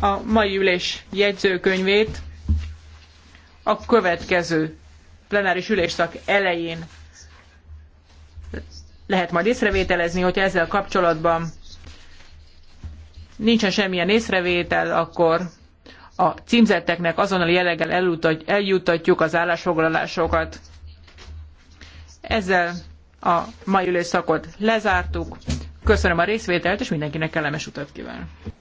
a mai ülés jegyzőkönyvét a következő plenáris ülésszak elején lehet majd észrevételezni, hogyha ezzel kapcsolatban nincsen semmilyen észrevétel, akkor a címzetteknek azonnal jelleggel eljutatjuk az állásfoglalásokat. Ezzel a mai ülésszakot lezártuk. Köszönöm a részvételt, és mindenkinek kellemes utat kívánok!